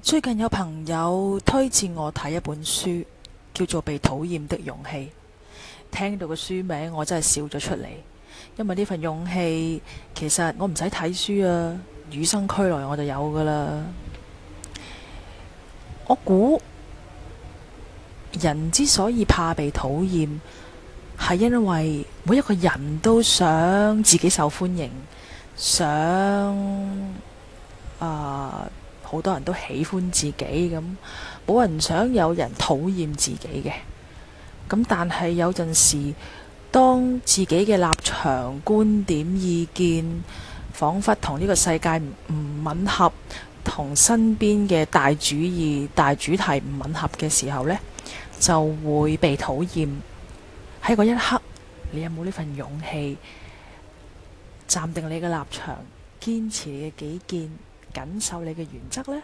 最近有朋友推薦我睇一本書，叫做《被討厭的勇氣》。聽到個書名，我真係笑咗出嚟，因為呢份勇氣，其實我唔使睇書啊，與生俱來我就有㗎喇。我估人之所以怕被討厭，係因為每一個人都想自己受歡迎，想。好多人都喜歡自己咁，冇人想有人討厭自己嘅。咁但係有陣時，當自己嘅立場、觀點、意見，彷彿同呢個世界唔吻合，同身邊嘅大主義、大主題唔吻合嘅時候呢，就會被討厭。喺嗰一刻，你有冇呢份勇氣，站定你嘅立場，堅持你嘅己見？忍受你嘅原則呢？